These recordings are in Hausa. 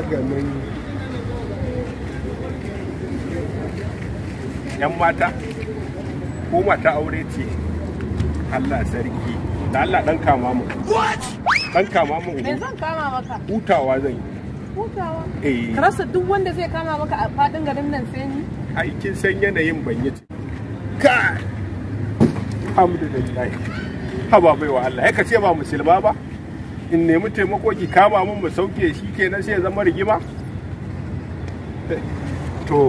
maganin yan mata ko mata aure ce Allah sarki da Allah dan kama mu dan kama mu ne zan kama maka hutawa zan yi hutawa eh karasa duk wanda zai kama maka a fadin garin nan sai ni ai kin san yanayin banye ce ka alhamdulillah haba baiwa Allah ya kace ba musulma ba in nemi taimako ki kama mun mu sauke shi kenan sai ya zama rigima to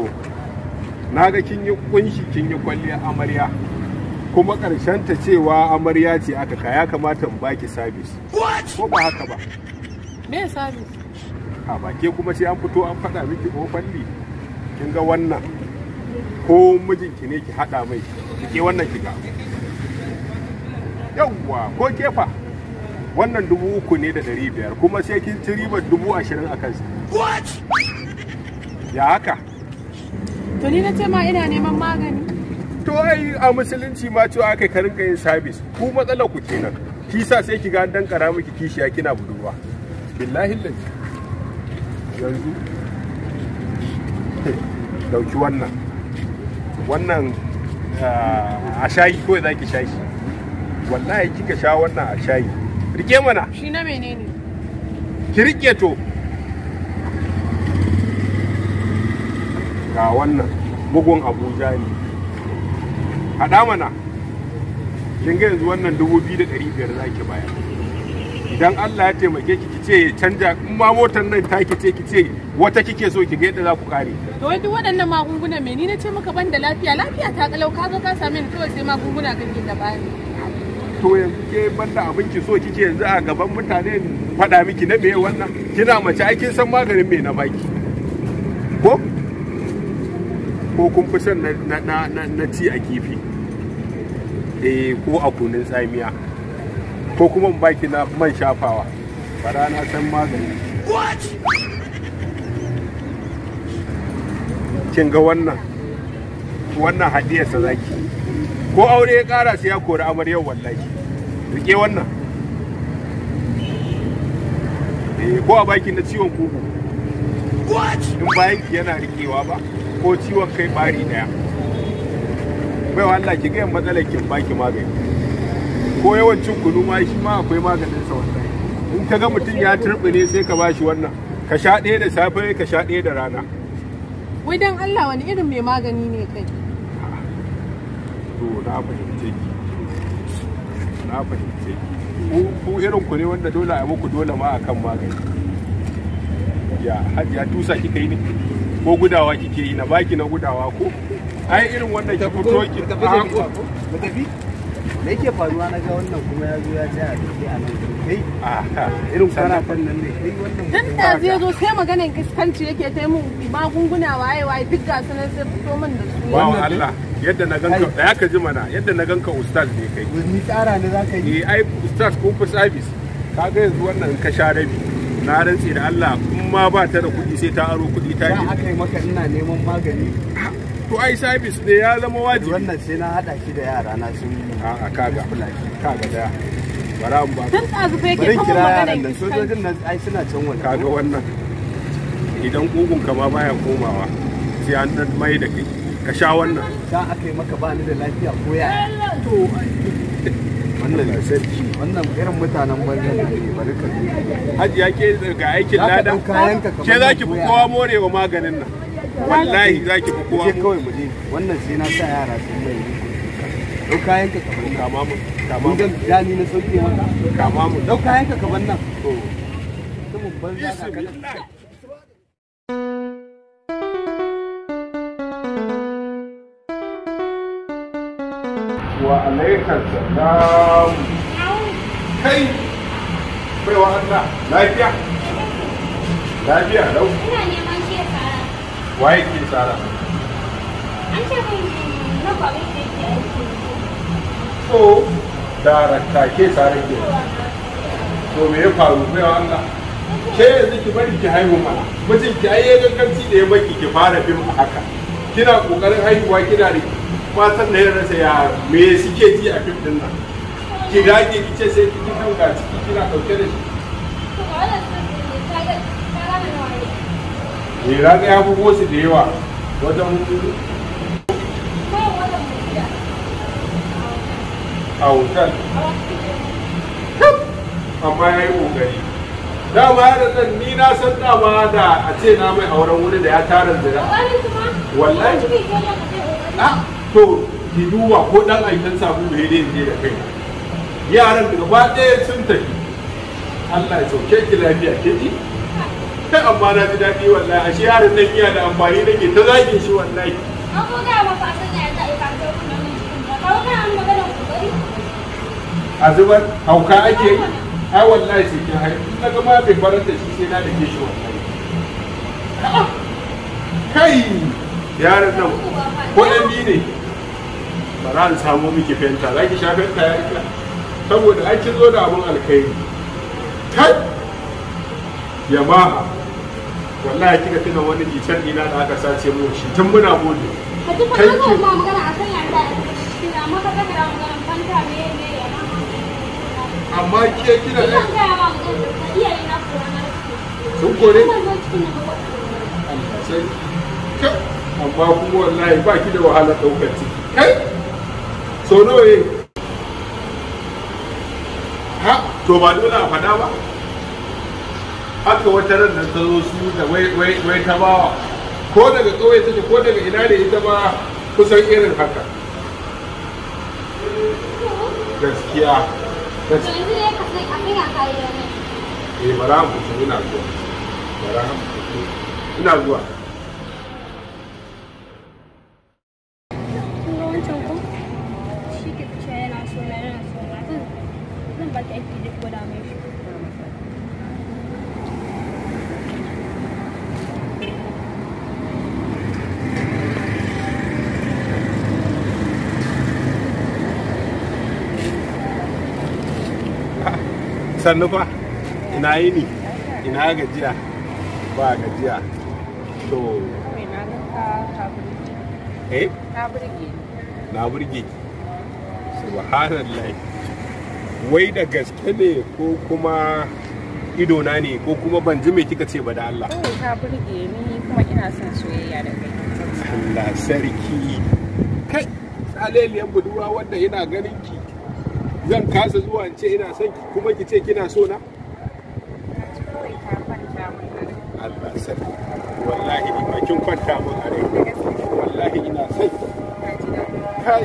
na ga kin yi kunshi kin yi kwalliyar amarya kuma karshen ta cewa amarya ce aka ka ya kamata mu baki sabis ko ba haka ba me sabis a bake kuma sai an fito an faɗa miki ko kwalli kin ga wannan ko mijinki ne ki haɗa mai ki wannan ki ga yawwa ko kefa wannan dubu uku ne da ɗari biyar kuma sai kin ci ribar dubu ashirin a kansa ya haka to ni na ce ma ina neman magani to ai a musulunci ma cewa aka ka rinka yin sabis ku matsalar ku kenan kisa sai ki ga dan kara miki kishiya kina budurwa billahi lalle yanzu dauki wannan wannan ah, a shayi kawai ki shayi wallahi kika sha wannan a shayi rike mana shi na menene ki rike to ga wannan bugun abuja ne haɗa mana kin ga yanzu wannan dubu biyu da ɗari biyar za ki baya idan allah ya taimake ki kice ya canja in ma motar nan ta kice kice wata kike so ki ga yadda za ku kare to wai duk waɗannan magunguna menene ce maka ban da lafiya lafiya ta kalau kaga ka same ni kawai sai magunguna kake da bani to yanzu ke banda abin ki so kike yanzu a gaban mutane faɗa miki na meye wannan kina mace ai kin san maganin me na baki ko ko kun fi son na ci a kifi eh ko a kunun tsamiya ko kuma in baki na man shafawa fara na san maganin. kin ga wannan wannan hadiyarsa zaki ko aure ya kara sai ya kori amaryar wallahi rike wannan eh, ko a baki na ciwon kugu in bayan ki yana rikewa ba ko ciwon kai bari daya bai Allah ki ga matsalar ki baki magani ko yawan cin kunu ma shi ma akwai maganin sa wallahi in ka ga mutum ya turbine sai ka bashi wannan ka sha ɗaya da safe ka sha ɗaya da rana wai dan Allah wani irin mai magani ne kai to na fahimce ki na fahimce ki ku irin ku ne wanda dole a muku dole ma akan magani ya hajiya tusa kika yi ne ko gudawa kike yi na baki na gudawa ko ai irin wannan ki fito ki tafi da yake faruwa na ga wannan kuma ya zo ya tsaya da ke a nan kai a irin kwarafan nan ne kai wannan dan da ya zo sai maganin kiskanci yake ta yi mun magunguna waye waye duk ga sunan sai fito min da su wannan Allah yadda na ganka da ya ka ji mana yadda na ganka ustaz ne kai ni tsara ne za ka yi eh, ai ustaz ko fi service ka ga yanzu wannan ka share rabi na rantse da Allah kun ma ba ta da kuɗi sai ta aro kuɗi ta yi haka yi maka ina neman magani to ai service ne ya zama wajibi wannan sai na hada shi da yara na sun a'a kaga kaga da bara mu ba tun tsazu fa yake kira yaran nan sojojin nan ai suna can wani kaga wannan idan kugun ka ma baya komawa sai an mai da kai ka sha wannan da aka yi maka bani da lafiya ko ya to wannan da sarki wannan irin mutanen banzan da ke barka haji ya ke ga aikin ladan ke za ki fi kowa morewa maganin nan wallahi za ki fi kowa ke kawai mu je wannan sai na sa yara sun mai dau kayan ka kamar nan kama mu kama mu dan dani na sauki haka kama mu dau kayan ka kamar nan to mutum banza ka kada wa alaikar salam kai baiwa Allah lafiya lafiya lau ina neman ke tsara waye ke tsara an ce kai na kwamin da ke aiki so da ke tsara ke to me ya faru baiwa Allah ke yanzu ki bari ki haihu mana mijinki ki ya ganganci da ya baki ki fara bin haka kina kokarin haihuwa kina da kwasan da ya rasa ya me suke ji a fim din nan ki dage ki ce sai kiki kan ga ciki kina dauke da shi ne raga ya bugo su da yawa wajen a hotel amma ya yi ƙoƙari dama ya da ni na san dama da a ce na mai auren wuri da ya tara zira wallahi to ki duba ko dan aikin samu da yadda je da kai yaran da gaba ɗaya sun tafi Allah ya sauke ki lafiya ke ji kai amma na ji daɗi wallahi ashe yaran nan iya da amfani nake ta zage shi wallahi an ko ga ba fa san ya za a yi ba ko kana magana ku bari a zubar hauka ake yi ai wallahi sai kin haihu na ga ma bai barar da shi sai na dake shi wallahi kai yaran nan ko ɗan ne bara an samu miki fenta za ki sha fenta ya rika saboda ai kin zo da abun alkhairi kai yamaha wallahi kika tuna wani jitar ina da aka sace mu shi tun muna gode kai ki amma ke kina ne sun kore amma kuma wallahi ba ki da wahala daukar ciki kai so nawa ha to ba dole a faɗa ba haka wata ran nan ta su da wai ta bawa ko daga ƙauye take ko daga ina ne ita ba kusan irin haka gaskiya gaskiya eh, bara ina zuwa ina zuwa ba ta aiki duk gwada mai sannu fa ina yi ina gajiya ba gajiya to eh na burge subhanallah wai da gaske ne ko kuma idona ne ko kuma ban ji mai kika ce ba da Allah. Kawai ta burge ni kuma ina son soyayya da kai. Allah sarki. Kai, tsaleliyar budurwa wanda ina ganin ki. Zan kasa zuwa in ce ina son ki kuma ki ce kina so na? Allah sarki. Wallahi ni ma kin kwanta mun are. Wallahi ina son Kai.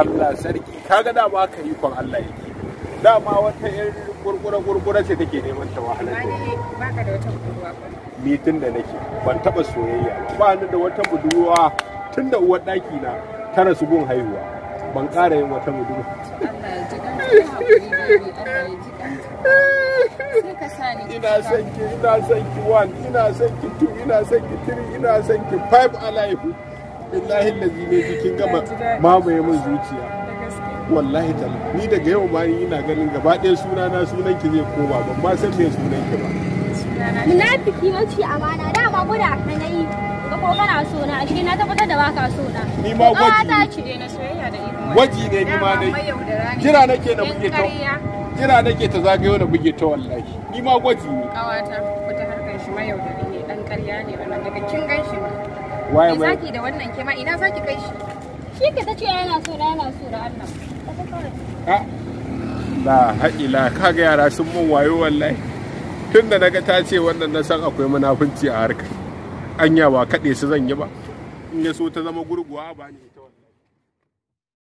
Allah sarki. Kaga da ba ka yi kon Allah yake. dama wata yan gurgura gurgura ce take neman ta wahala ne baka da wata budurwa ni tun da nake ban taba soyayya ba ni da wata budurwa tun da uwar daki na ta rasu gun haihuwa ban ƙara yin wata budurwa ina son ki ina son ki one ina son ki two ina son ki three ina son ki five alive billahi lazi ne kin gama mamaye min zuciya wallahi ta ni daga yau ma ina ganin gaba ɗaya sunana sunan ki zai koma ban ba san me sunan ki ba a bana. Da ma guda ka yi ga ko kana so na ashe na tabbatar da baka so na ni ma gwaji ta ce ne na soyayya da irin gwaji ne ni ma dai kira nake na buge ta kira nake ta zagayo na buge ta wallahi ni ma gwaji ne kawata wata harkar shi mai yaudari ne dan ƙarya ne wannan daga kin ganshi ne waye mai zaki da wannan kema ina zaki kai shi shi ke ta ce yana so na yana so da Allah la haƙila kaga yara sun mun wayo wallahi tun da naga ta ce wannan na san akwai munafunci a harkar anya ba kaɗe su zan yi ba in ya so ta zama gurguwa ba ne